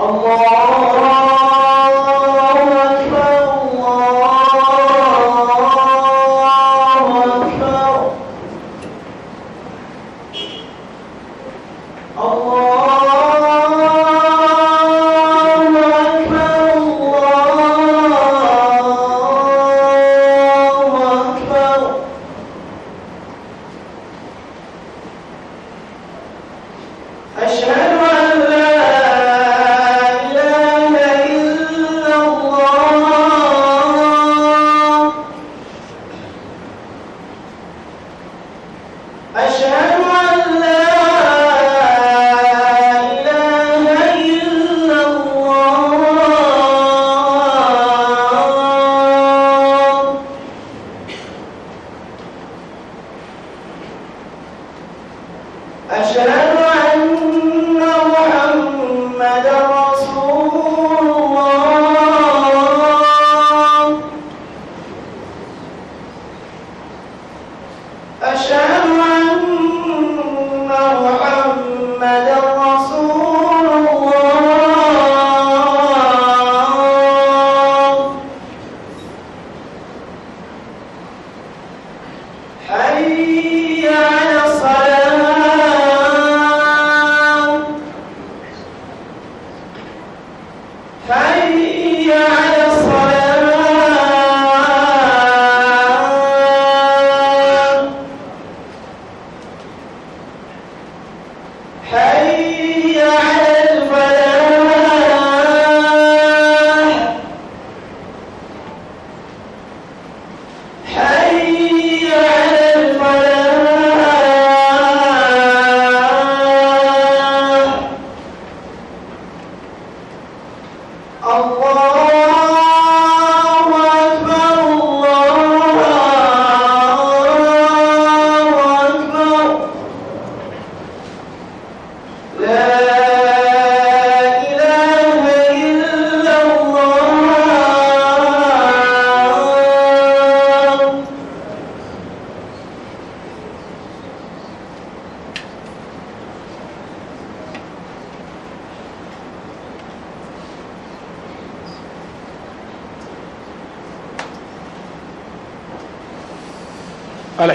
Allah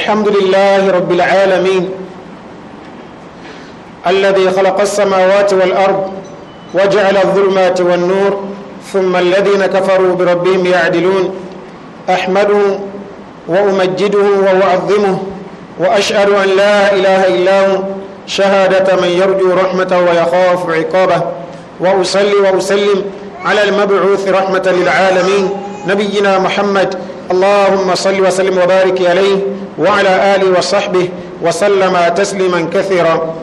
الحمد لله رب العالمين الذي خلق السماوات والأرض وجعل الظلمات والنور ثم الذين كفروا بربهم يعدلون أحمده وأمجده وأعظمه وأشهد أن لا إله إلا هو شهادة من يرجو رحمته ويخاف عقابه وأصلي وأسلم على المبعوث رحمة للعالمين نبينا محمد اللهم صل وسلم وبارك عليه وعلى آله وصحبه وسلم تسليما كثيرا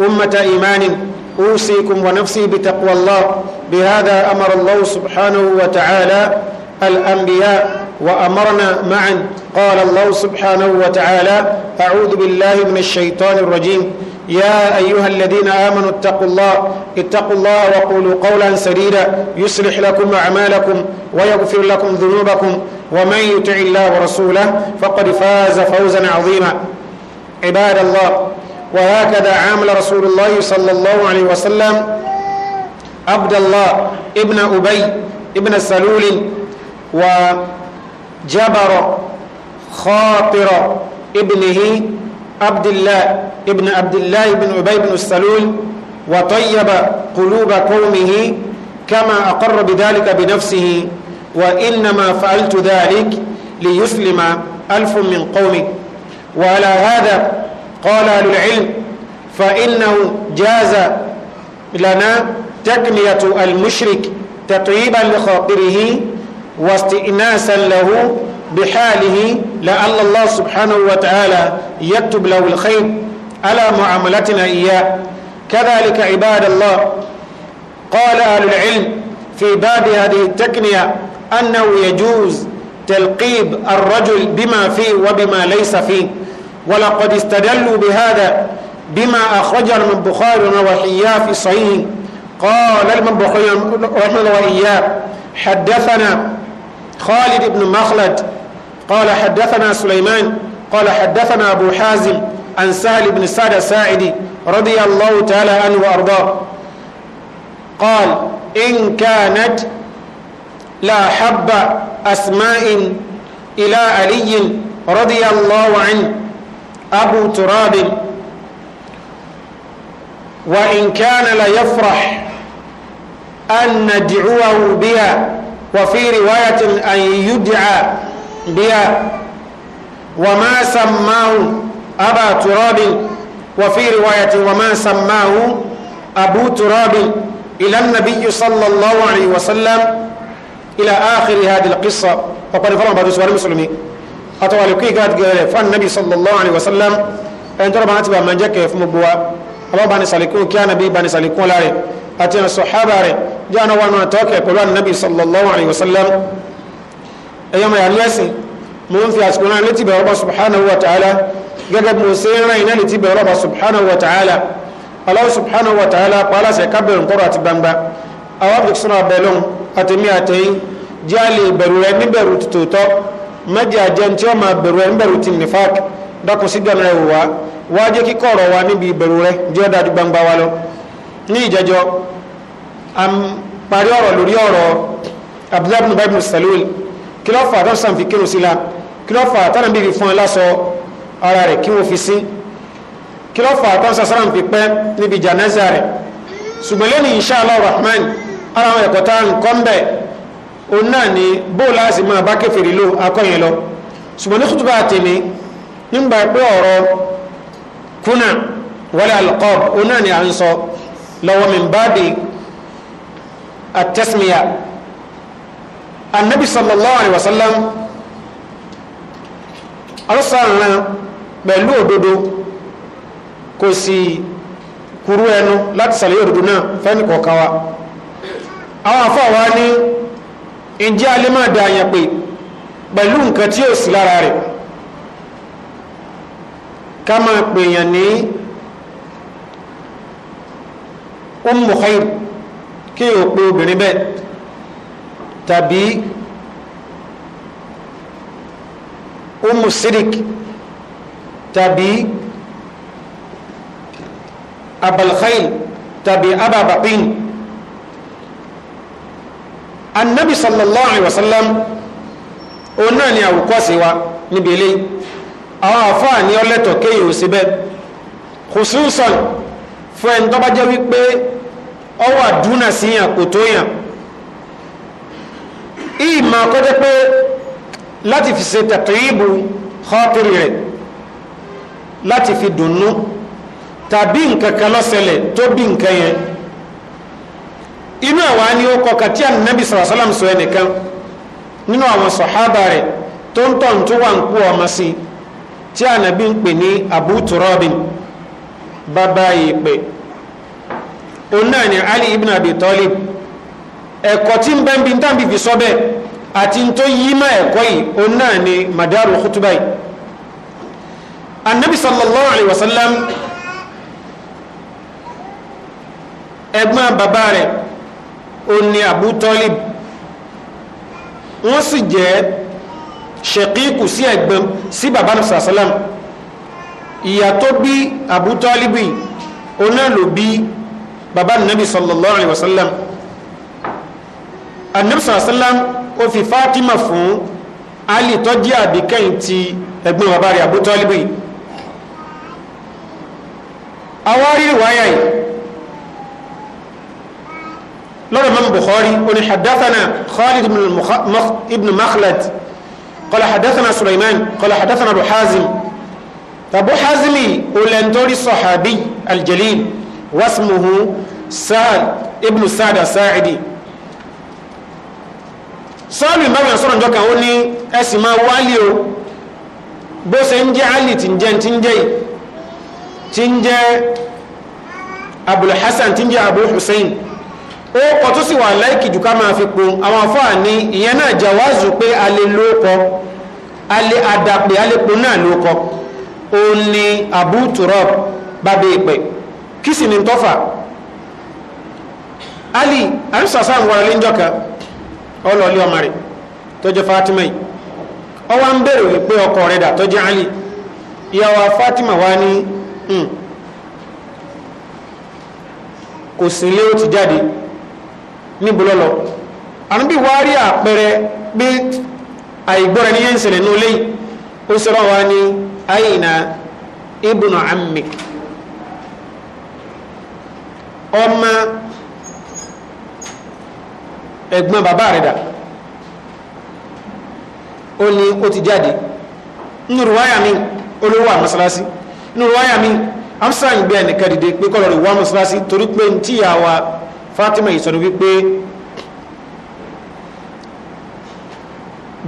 أمة إيمان أوصيكم ونفسي بتقوى الله بهذا أمر الله سبحانه وتعالى الأنبياء وأمرنا معا قال الله سبحانه وتعالى أعوذ بالله من الشيطان الرجيم يا أيها الذين آمنوا اتقوا الله اتقوا الله وقولوا قولا سديدا يصلح لكم أعمالكم ويغفر لكم ذنوبكم ومن يطع الله ورسوله فقد فاز فوزا عظيما عباد الله وهكذا عامل رسول الله صلى الله عليه وسلم عبد الله ابن أبي ابن سلول وجبر خاطر ابنه عبد الله ابن عبد الله بن عبي بن السلول وطيب قلوب قومه كما أقر بذلك بنفسه وإنما فعلت ذلك ليسلم ألف من قومي وعلى هذا قال أهل العلم فإنه جاز لنا تكمية المشرك تطيبا لخاطره واستئناسا له بحاله لعل الله سبحانه وتعالى يكتب له الخير على معاملتنا إياه كذلك عباد الله قال أهل العلم في باب هذه التكنية أنه يجوز تلقيب الرجل بما فيه وبما ليس فيه ولقد استدلوا بهذا بما أخرج بخار وحياه في صحيح قال من بخار وحياه حدثنا خالد بن مخلد قال حدثنا سليمان قال حدثنا أبو حازم عن سهل بن سعد الساعدي رضي الله تعالى عنه وأرضاه قال إن كانت لا حب أسماء إلى علي رضي الله عنه أبو تراب وإن كان ليفرح أن ندعوه بها وفي رواية أن يدعى بها وما سماه أبا تراب وفي رواية وما سماه أبو تراب إلى النبي صلى الله عليه وسلم إلى آخر هذه القصة وقال فرما بعد سؤال المسلمين أتوالي كي قد فالنبي صلى الله عليه وسلم أن ترى بانتبه من جاك في مبوا أبا باني سالكون كان نبي باني سالكون لاري أتينا الصحابة جانا وانا توقع قلوان النبي صلى الله عليه وسلم ẹ̀yọ́mọ̀ yà lẹ́sìn mo ń fi àsìkò náà létí bẹ̀rẹ̀ ọba subhanahu wa ta'ala gẹ́gẹ́ bí mo ṣe ń rìn náà létí bẹ̀rẹ̀ ọba subhanahu wa ta'ala Allah subhanahu wa ta'ala pàálàṣẹ kábẹ̀rẹ̀ nkọ́rọ̀ àti gbangba àwọn àbùsùn abẹ́lọ́n àtẹ̀mí àtẹ̀yìn jẹ́ àlè ìbẹ̀rù rẹ níbẹ̀rù tòótọ́ mẹ́jẹ àjẹun tí ó máa bẹ̀rù rẹ níbẹ̀rù ti nìfàk dákun sí dọ̀nà ẹ̀wò wa wá jẹ́ kíkọ́ ọ̀rọ̀ wa níbi ìbẹ̀rù rẹ jẹ́ dájú gbangba wa lọ ní ìjẹjọ́ parí ọ̀rọ̀ lórí ọ̀rọ̀ abdullahi ibn salul kí ló fà á tọ́sán fi kírun sí la kí ló fà á tọ́nà bíbí fún ẹ lásọ ara rẹ̀ kí wọ́n fi sí kí ló fà á tọ́sán sára fi pẹ́ níbi jànáza rẹ̀ ṣùgbọ́n lónìí insha Allah rahman ara àwọn ẹ̀kọ́ tá à òun náà ni bóòlù àti máa bá kẹfìrí lò akọ́yìn lọ ṣùgbọ́n ní kútùbà tèmi nígbà pé ọ̀rọ̀ kúnà wala alqab òun náà ni à ń sọ lọ́wọ́ min báàdì at-tasmiya anabi sallallahu alayhi wa sallam ọlọ́sàn-án pẹ̀lú òdodo kò sì kúrú ẹnu láti sàlẹ̀ òdodo náà fẹ́ni kọ̀ọ̀kan wa àwọn afọ́wà ní ìjẹ́ alẹ́ máa da àyàn pé pẹ̀lú nǹkan tí ó sì lára rẹ̀ ká máa pèèyàn ní ummu khair kí o pe obìnrin bẹ́ẹ̀ tàbí umu sidik tàbí abalkhail tàbí ababatin annabi sallallahu alaihi wasallam òun náà ni àwòkọ́sí wa níbi ilé àwọn àfáà ní ọlẹ́tọ̀ kéyìí ò síbẹ̀ khususan fún ẹni tó bá jẹ́ wípé ọwà dúnà síyàn kò tó yàn ìmọ̀ kọjá pé láti fi ṣe tàtúyìbù họ́tìrì rẹ̀ láti fi dùnnú tàbí nǹkan kan lọ́sẹ̀lẹ̀ tó bí nǹkan yẹn inú àwa ni ó kọ kàtí ànábì sallallahu alaihi wasallam sọ ẹnìkan nínú àwọn sọ̀hábà rẹ̀ tó ń tọ̀n tó wà ń kú ọmọ sí tí ànábì ń pè ní Abu bàbá yìí pé òun náà ni Ali ibn Abi ẹ̀kọ́ tí ń bẹ́ ń bi tán bí fi sọ bẹ́ẹ̀ àti tó yí má ẹ̀kọ́ yìí òun náà ni madaru khutubah yìí anabi sallallahu alayhi wa sallam ẹ̀gbọ́n bàbá rẹ̀ òun ni abu talib wọ́n sì jẹ́ ṣẹ̀kíkù sí ẹ̀gbọ́n sí bàbá rẹ̀ sàlám ìyá tó bí abu talib òun náà ló bí bàbá nabi sallallahu alayhi wa sallam anabisa asalam ó fi fatima fún ali tọ́jú àbíkẹ́yìn ti ẹ̀gbọ́n bàbá rẹ̀ Abu Talibi àwọn rírì wáyà yìí lọ́rọ̀ mọ́mù Bukhari ó ní hadathana Khalid ibn Makhlad qala hadathana Sulaiman qala hadathana Abu Hazim Abu Hazimi olèntorí sahabi aljalil wasmuhu Sa'ad ibn Sa'ad as Sa sọ́ọ̀lù ìbáwọn sọ̀rọ̀ ìjọ kan ó ní ẹ̀sìn máa wálé o bó ṣe ń jẹ́ alì tí ń jẹ́ tí ń jẹ́ yìí tí ń jẹ́ abul abu hussein ó kọ tó sì wà láìkì jù ká máa fi po àwọn afáà ní ìyẹn náà jawazu pé a lè lóókọ a lè po náà lóókọ ó ní abu turab bàbá ìpè kí sì ni tọ́fà ali àrísàsáà ń wọlé kan ọlọ́ọ̀lẹ́ ọmọ rẹ̀ tọ́jọ́ Fatima yìí ọwọ́ ń ọkọ rẹ̀ dà alị Fatima wá ní hmm, kò sí ilé ó ti jáde níbo lọ́lọ́ àníbí wá rí àpẹẹrẹ bí àìgbọ́ra ní yẹn ní olé yìí ó wá ẹ̀gbọ́n bàbá rẹ̀ dà ó ní ó ti jáde nínú wáyà mi olówó àmọ́sálásí nínú wáyà mi amsan gbé ẹnìkan dìde pé kọ́lọ̀ rẹ̀ wá mọ́sálásí torí pé ní tíyà wa Fatima ìsọ̀nù wípé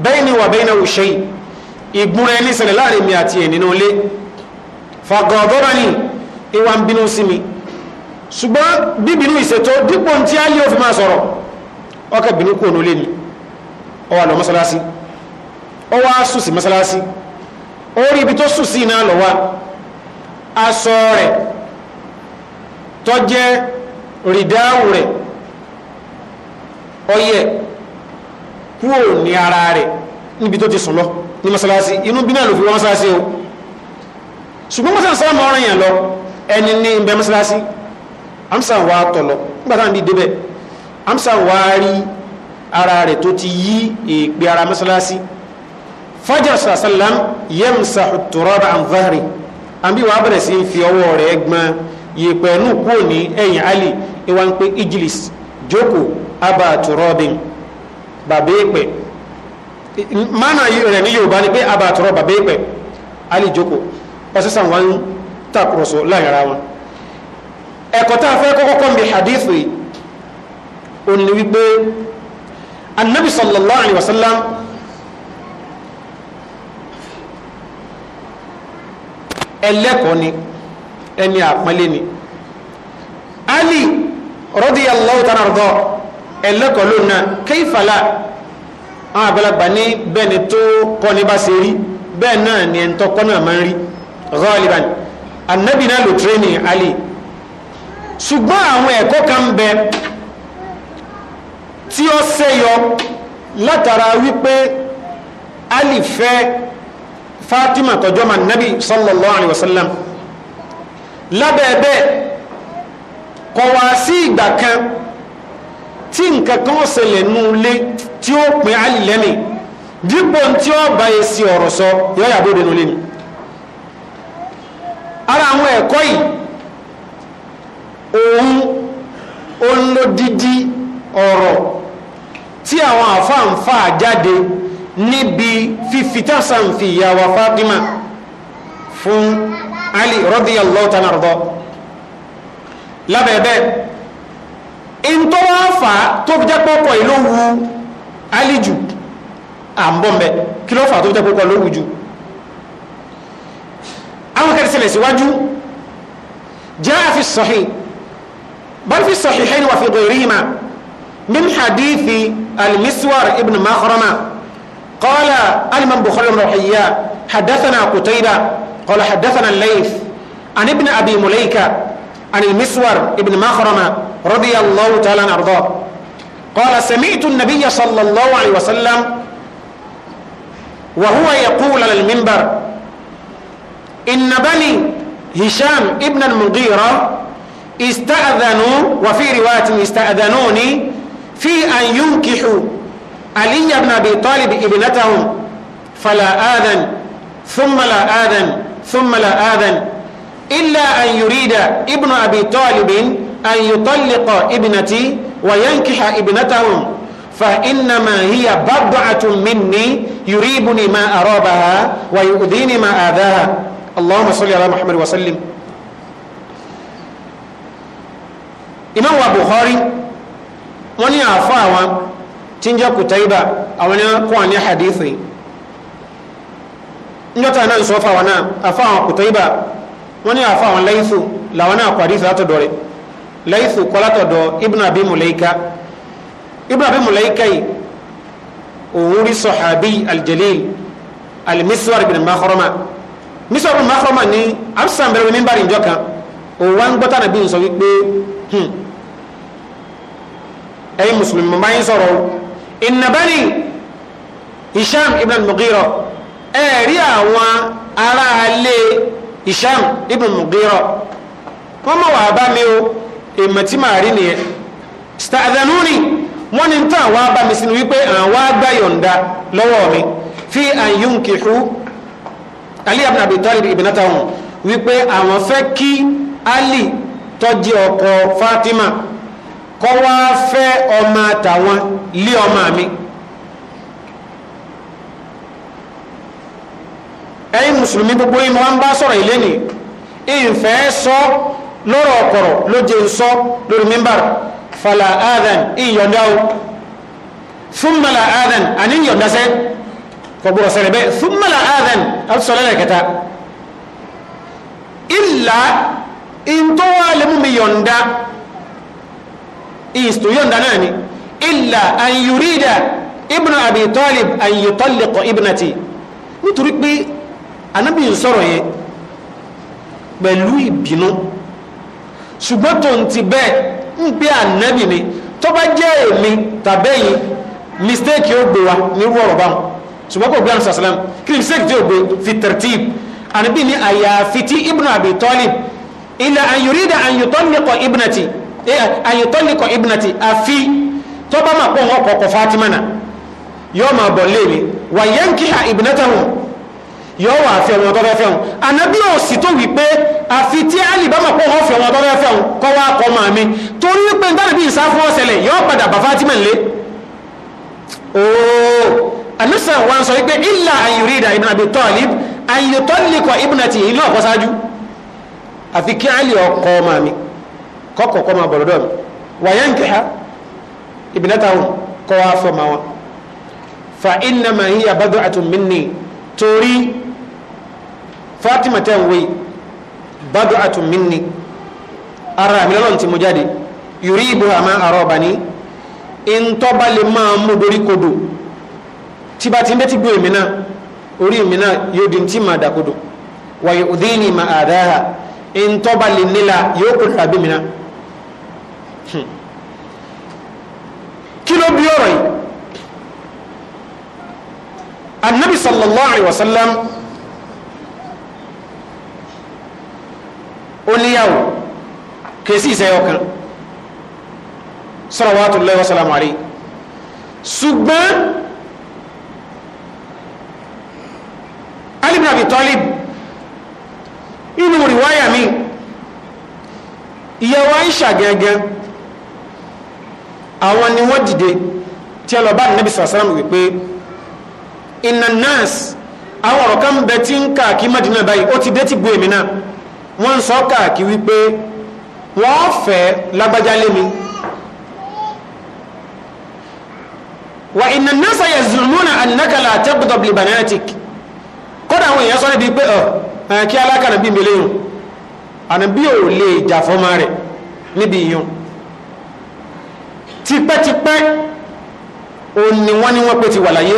bẹ́ẹ̀ni wà bẹ́ẹ̀ni òṣè ìgbúnra ẹni ṣẹlẹ̀ láàrin mi àti ẹ̀ nínú ilé fàgọ̀ọ̀gọ́rọ̀ ni ìwà ń bínú sí mi ṣùgbọ́n bíbínú ìṣètò dípò tí a yóò fi máa sọ̀rọ̀ ọkà bínú kú ònúlé ni ọ wá lọ Masalasi. Ọ wá sùn Masalasi. mọ́sálásí ó ibi tó sùn sí iná lọ wá aṣọ rẹ̀ tó jẹ́ rìdáwù rẹ̀ ọyẹ kú òní ara rẹ̀ níbi tó ti sùn lọ ní mọ́sálásí inú bí náà ló fi wọ́n mọ́sálásí o ṣùgbọ́n mọ́sálásí sáà mọ́ ọ̀rìn yẹn lọ ẹni ní ibẹ̀ mọ́sálásí amsa wa tọ̀ lọ nígbà táwọn bí débẹ̀ amsa wari ara re to ti yi ipe ara masalasi fajar sasallam yamsa turaba an zahri an bi wa bere si fi owo re egma ye pe nu ko ni eyin ali e wa npe joko aba turabin ba be pe mana yi re ni ni pe aba turaba be pe ali joko osesan wan takroso la yara won e ko ta fe ko ko bi hadithu ó ní wípé anabi sallallahu alayhi wa sallam ẹlẹ́kọ̀ọ́ ni ẹni àpọ́nlé ni ali radiyallahu ta'ala rọ̀dọ̀ ẹlẹ́kọ̀ọ́ ló na kéfàlà àwọn àgbàlagbà ní bẹ́ẹ̀ ni tó kọ́ ní bá ṣe rí bẹ́ẹ̀ náà ni ẹ̀ńtọ́ kọ́ náà máa ń rí ghaliban anabi náà lò tírénì ali ṣùgbọ́n àwọn ẹ̀kọ́ kan bẹ́ẹ̀ tí ó ṣẹyọ látara wípé Ali Fatima tọjọ́ ma nabi sallallahu alaihi wasallam. sallam lábẹ́ẹ̀bẹ́ kọ̀ wá sí ìgbà kan tí nǹkan kan ṣẹlẹ̀ nù lé tí ó pin Ali lẹ́mì dípò tí ó bá yẹ sí ọ̀rọ̀ sọ yọ yàgbó dẹnu lé ni ara àwọn ẹ̀kọ́ yìí òun ó ń lo dídí ọ̀rọ̀ tí àwọn àfáànfà jáde níbi fífitásànfì ìyàwó Fatima fún Ali radiyallahu ta'ala anhu lábẹ́ẹ̀bẹ́ ìntọ́wọ́fà tó fi jẹ́ pọ́pọ̀ ìlú wu Ali jù àmbọ̀mẹ́ kí ló fà tó fi jẹ́ pọ́pọ̀ ìlú wu jù àwọn kẹrìsì lè síwájú jaa fi sahih bal fi sahihayn wa fi ghayrihima من حديث المسور ابن مخرمة قال الإمام بخاري الروحية حدثنا قتيبة قال حدثنا الليث عن ابن أبي مليكة عن المسور ابن مخرمة رضي الله تعالى عنه أرضاه قال سمعت النبي صلى الله عليه وسلم وهو يقول على المنبر إن بني هشام ابن المغيرة استأذنوا وفي رواية استأذنوني في أن ينكحوا علي بن أبي طالب ابنتهم فلا آذن ثم لا آذن ثم لا آذن إلا أن يريد ابن أبي طالب أن يطلق ابنتي وينكح ابنتهم فإنما هي بضعة مني يريبني ما أرابها ويؤذيني ما آذاها اللهم صل على محمد وسلم إمام أبو خاري wọ́n ní àáfà àwọn tí ń jẹ́ kùtẹ́yìbà àwọn ní kó wọn ní hadithi níjọ́ta náà ń sọ fáwọn náà àáfà àwọn kùtẹ́yìbà wọ́n ní àáfà àwọn laythu làwọn náà kọ́ hadithi látọ̀dọ̀ rẹ̀ laythu kọ́ látọ̀dọ̀ ibn abi mulaika ibn abi mulaika yìí òun rí sọ̀hábí aljalil alimiswar ibn makroma miswar ibn makroma ní absalom bẹ̀rẹ̀ mímbàrí ìjọ kan òun wá ń gbọ́tà nàbí ń sọ wípé hmm, ẹ̀yin mùsùlùmí bá yín sọ̀rọ̀ ìnàbẹ́ni isham ibn mugira ẹ̀rí àwọn aráalé isham ibn mugira wọ́n mọ̀ wàá bá mi o èèmọ̀ tí màá rí nìyẹn sta'adhanuni wọ́n ní tán wàá bá mi sínú wípé àwọn àgbà yọ̀ǹda lọ́wọ́ mi fi an yunkihu ali ibn abi talib ibnatahum wípé àwọn fẹ́ kí ali tó ọkọ fatima kọ́ wá fẹ́ ọmọ àtàwọn lé ọmọ mi ẹ̀yin mùsùlùmí gbogbo yìí mo wá ń bá sọ̀rọ̀ ilé ni ìfẹ́ sọ lọ́rọ̀ ọ̀kọ̀rọ̀ ló jẹ́ ń sọ lórí mímbà fàlà áàdàn ìyọ̀dá o súnmọ̀là áàdàn àní ìyọ̀dá sẹ́ kọ̀gbọ̀rọ̀ sẹ́rẹ̀ bẹ́ẹ̀ súnmọ̀là áàdàn àtúnṣọlẹ́lẹ̀ kẹta ìlà ìntọ́wà lè mi yọ̀ǹda ìsìtòyọ̀ ǹda náà ni illa an yurida ibnu abi talib an yutalliq ibnati nítorí pé anábì ń sọ̀rọ̀ yẹn pẹ̀lú ìbínú ṣùgbọ́n tó ń ti bẹ́ẹ̀ ń gbé ànábì mi tó bá jẹ́ èmi tàbẹ́yìn mistake ó gbé wa ní wọ́rọ̀ báwọn ṣùgbọ́n kò gbé àrùn sàṣàlám kí ni mistake tí ó gbé fi tartib ànábì ní àyàfi tí ibnu abi talib illa an yurida àyètọ́lẹ̀kọ̀ eh, ibnati a fi máa pọ̀ kɔ kɔ fatima na ma máa bọ̀ léèrè ha ibnata wọn yọ wà fẹ́ wọn tọ́fẹ́ fẹ́ wọn ànábì ò sì tó wípé àfi tí ali bá máa pọ̀ wọn fẹ́ wọn tọ́fẹ́ fẹ́ wọn kɔ wá mi sɛlɛ fatima le ooo sọ ilà ibn abi ibnati àfi kí mi. kọ́kọ̀ kọ́ máa bọ̀lọ́dọ̀ mi wàyẹ̀ ń kíha ìbílẹ̀ta wọn kọ́ wá fọ́ ma wọn fa innama hiya bad'atun minni torí Fatima tẹ̀ ń wé bad'atun minni ara mi lọ́lọ́run ti mú jáde yuribu àmà àrọ́ọ̀bà ni ntọ́ba lè máa mú dorí kodò tí bá ti ti gbé èmi náà orí èmi náà yóò di ti máa dàkodò wàyẹ̀ òdìní ma àdáhà ntọ́ba lè nílà yóò kó dàbí mi náà kí ló bí ọ̀rọ̀ yìí annabi sallallahu alaihi wasallam ó níyàwó kèsì ìsẹ́yọ kan salawatullahi wa salamu alaihi ṣùgbọ́n Ali ibn Abi Talib inú riwaya mi ìyàwó Aisha gẹ́gẹ́ àwọn ni wọ́n dìde tí a lọ bá nàbì wípé inna nas àwọn ọ̀rọ̀ kan bẹ tí ń káàkiri Madina báyìí ó ti dé ti gbó èmi náà wọ́n ń sọ káàkiri wípé wọ́n fẹ́ lágbájá lé mi wa inna nasa yazunmuna annaka la taqdab li kódà àwọn èèyàn sọ níbi pé ọ kí alákànnà bí mi léyìn àná bí ò lè jà tipẹ́tipẹ́ òun ni wọ́n ní wọ́n pé ti wà láyé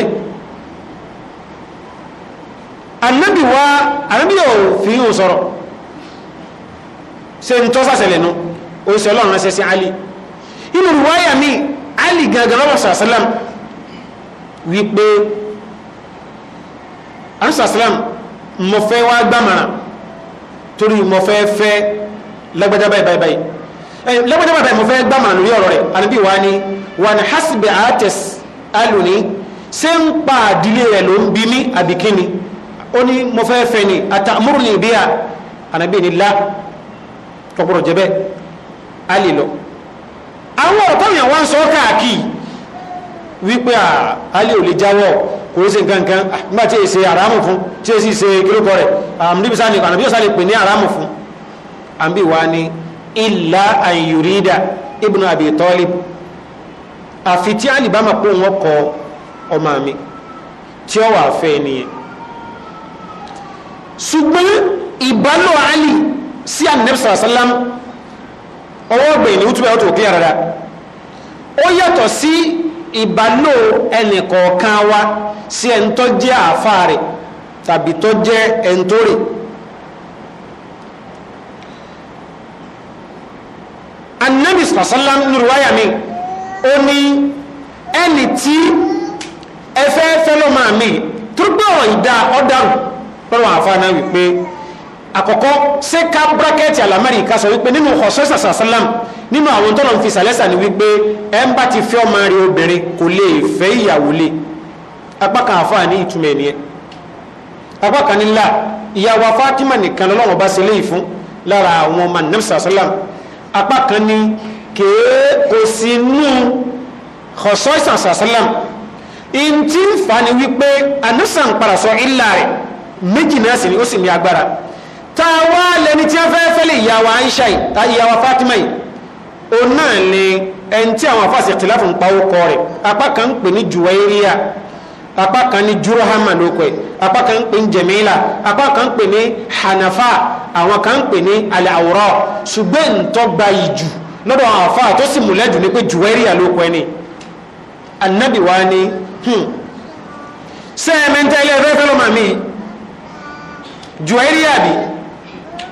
anabi wa anabi yóò fi hàn sọ̀rọ̀ ṣe ń tọ́sàṣẹlẹ̀ nu òun sì ọlọ́run ránṣẹ́ sí ali inú ruwaya mi ali gangan lọ́wọ́ sàṣẹlẹ̀m wípé anṣàṣẹlẹ̀m mo fẹ́ wá gbàmọ̀ràn torí mo fẹ́ lẹ́gbẹ́dẹ́gbẹ́ bẹ́ẹ̀ mo fẹ́ gbá màánù rí ọ̀rọ̀ rẹ̀ ànábì wa ni wà ní hasbi ates aluni ṣé ń pa àdílé rẹ̀ ló ń bí mí àbíkíni ó ní mo fẹ́ fẹ́ ni àtàmúrù ní ìbíyà ànábì ni lá kọkọrọ jẹbẹ alè lọ àwọn ọ̀tọ́ yẹn wá ń sọ káàkiri wípé alè ò lè jáwọ́ kò ó ṣe nǹkankan nígbà tí èsè àràmù fún tí èsì ṣe kílókọ rẹ̀ àmì illa an yurida ibnu abi talib àfi tí ali bá máa pé wọn kọ ọmọ mi tí ó wà fẹ́ nìyẹn ṣùgbọ́n ìbálò ali sí anabi sàlám ọwọ́ ọgbẹ̀yìn ni wútúbẹ̀ ọ̀tọ̀ òkúlẹ̀ rárá ó yàtọ̀ sí ìbálò ẹnì wa sí ẹni jẹ́ àáfàá rẹ̀ tàbí tó jẹ́ ẹni rẹ̀ anabi sallam nùrùwáyà mi ó ní ẹni tí ẹfẹ́ fẹ́lọ́ máa mi turúgbọ́ ìdá ọ̀daràn lọ́rọ̀ àfáàná wípé àkọ́kọ́ ṣé ká bírákẹ́tì àlámárì ká sọ wípé nínú ọ̀sọ́sà sàṣálàm nínú àwọn tọ́lọ̀ ń fi sàlẹ́sà ni wípé ẹ ń bá ti fẹ́ ọmọ rẹ obìnrin kò lè fẹ́ ìyàwó lé apá kan àfáà ní ìtumọ̀ ẹ̀ nìyẹn apá kan ìyàwó Fatima nìkan lọ́wọ́ bá ṣe léyìí fún lára àwọn ọmọ nàmsà sàlám apá kan ni kèé kò sí nú ọ̀sọ́ ìsànsàsálàm in tí ń fa ni wípé anúsàn padà sọ ilà rẹ̀ méjì náà sì ni ó sì ní agbára tá a wá lẹni tí a fẹ́ fẹ́lẹ̀ ìyàwó Aisha yìí ìyàwó Fatima yìí òun náà ni ẹni tí àwọn afáàsì tìláfù ń pa ó kọ rẹ̀ apá kan ń pè ní Juwairiya apá kan ní jurahama ló pẹ apá kan ń pè ní jẹmíla apá kan ń pè ní hanafa àwọn kan ń pè ní alawurọ ṣùgbọ́n ntọ́gba yìí jù lọ́dọ̀ àwọn afa tó sì múlẹ́jù ni pé juwẹ́ríà ló pẹ ni anabi wa ni sẹ́ẹ̀mí hmm, ń tẹ́lẹ̀ fẹ́fẹ́ lọ́mọ mi juwẹ́ríà bi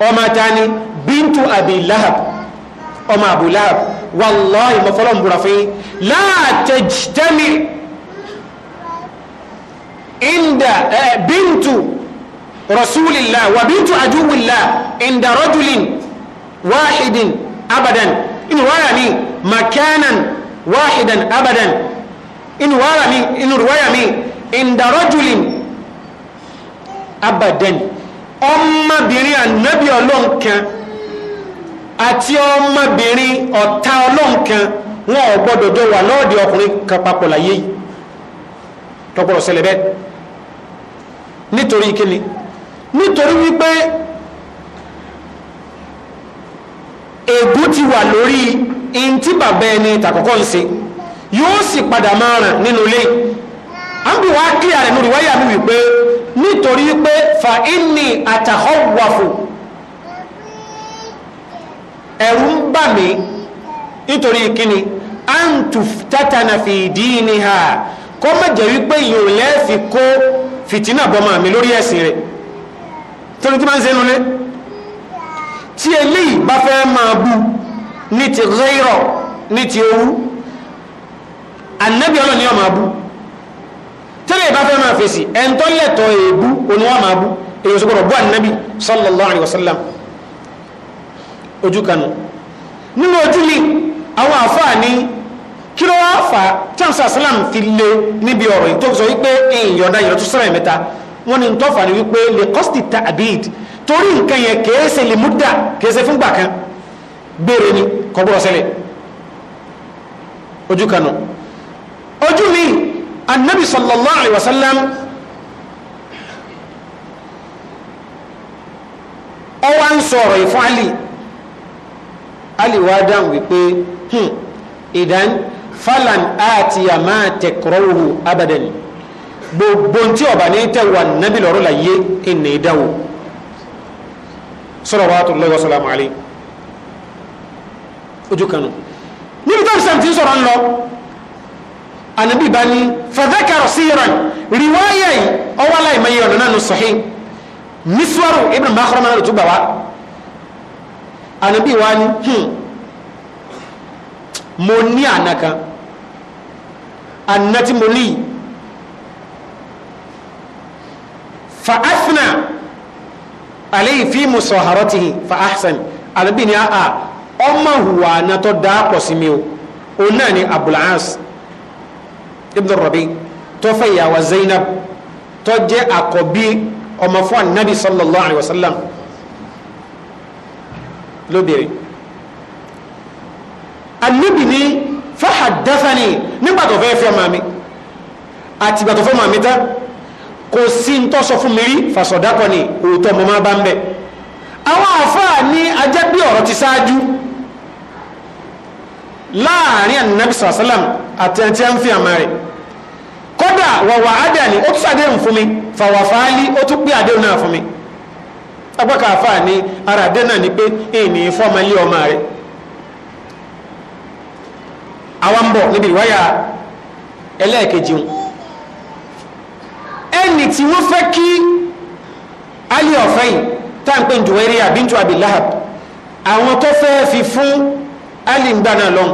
ọmọ tani bíntu abi lahab ọmọ abu lahab wàlláhi mọ́fọ́lọ́mùbúra fún inda eh, bintu rasulillah wa bintu ajuwillah inda rajulin wahidin abadan inú wáyà mi makanan wahidan abadan inú wáyà mi inú wáyà mi inda rajulin abadan ọmọbìnrin ànábì ọlọ́nkan àti ọmọbìnrin ọ̀tá ọlọ́nkan wọn ò gbọ́dọ̀ jọ wà lọ́ọ̀dẹ̀ ọkùnrin kan papọ̀ láyé yìí tọ́gbọ́dọ̀ nítorí kíni nítorí wípé ègún ti wà lórí in tí bàbá ẹni tàkọ́kọ́ ń ṣe yóò sì padà máa ràn nínú ilé àbí wàá kíyà rẹ̀ lórí wáyà mi wípé nítorí pé fa inni àtàhọ́wàfò ẹ̀rù ń bà mí nítorí kíni àǹtù tátànà fìdí ni ha kọ́ mẹ́jẹ̀ wípé yóò lẹ́ẹ̀fi kó fìtínà bọ́mọ mi lórí ẹ̀sìn rẹ̀ torí tí máa ń ṣe nulẹ̀ tí eléyìí bá fẹ́ máa bu ní ti rírọ̀ ní ti owú ànábì ọlọ́ni ọ̀ máa bu tẹ́lẹ̀ bá fẹ́ máa fèsì ẹ̀ńtọ́ lẹ̀tọ̀ èébú òní wọn máa bu èyí oṣù gbọdọ̀ bu ànábì sallallahu alaihi wasallam ojú kanu nínú ojú mi àwọn àfáà ní kí ló wá fà á tamsa salam fi lé níbi ọ̀rọ̀ yìí tó sọ wípé ìyọ̀dá ìyọ̀dá tó sọ̀rọ̀ mẹ́ta wọ́n ní tó fà ní wípé lè kọ́sìtì ta àbíd torí nǹkan yẹn kìí ṣe lè múdà kìí ṣe fúngbà kan gbére ni kọ́gbọ́n ṣẹlẹ̀ ojú kanu ojú mi anabi sallallahu alayhi wa sallam ọwọ́ ń sọ̀rọ̀ yìí fún ali ali wa dáhùn wípé hmm, ìdán. Hmm, falan atiya ma tẹkọrọwò abadan gbogbo ntí ọba ní tẹwà nábì lọ́rọ̀ la yé ẹnì dáwò salawatullahi wa salamu alayhi ojú kanu níbi tó sàm tí ń sọ̀rọ̀ ń lọ anabi bá ní fadhakara siran riwaya yìí ọwọ́ aláìmọye ọ̀nà náà nù miswaru ibn makhrama náà tó gbà wá anabi wa ní hmm, mo ní àná annati moli fa afna alayhi fi musaharatihi fa ahsan anabi ni a ọmọ huwa anatọ daa pọ̀ sí mi o òun náà ni abdulhas ibn rabi tó fẹ́ ìyàwó zainab tó jẹ́ àkọ́bí ọmọ fún anabi sallallahu alayhi wa sallam lóbìnrin anabi ni. fahaddathani nígbà tó fẹ́ fẹ́ mami àti ìgbà tó fẹ́ mami tán kò sí ń tọ́sọ fún mi rí fàṣọ̀dákọ̀ ni òótọ́ máa bá ń àwọn àfáà ní ajẹ́ bí ọ̀rọ̀ ti ṣáájú láàrin ànábì sàlám àti àmà rẹ̀ kódà wàwà ni ó tún fún mi fàwàfáálí ó tún àdéhùn náà fún mi ara àdéhùn náà ni pé èèyàn fọ́ ọmọ ilé àwọn bọ̀ níbi ìwáyà ẹlẹ́ẹ̀kejì wọn ẹni tí wọ́n fẹ́ kí alẹ́ ọ̀fẹ́ yìí tá n pè ní Juwairiya bíntu Abi Lahab àwọn tó fẹ́ fi fún alẹ́ ńgbà náà lọ́n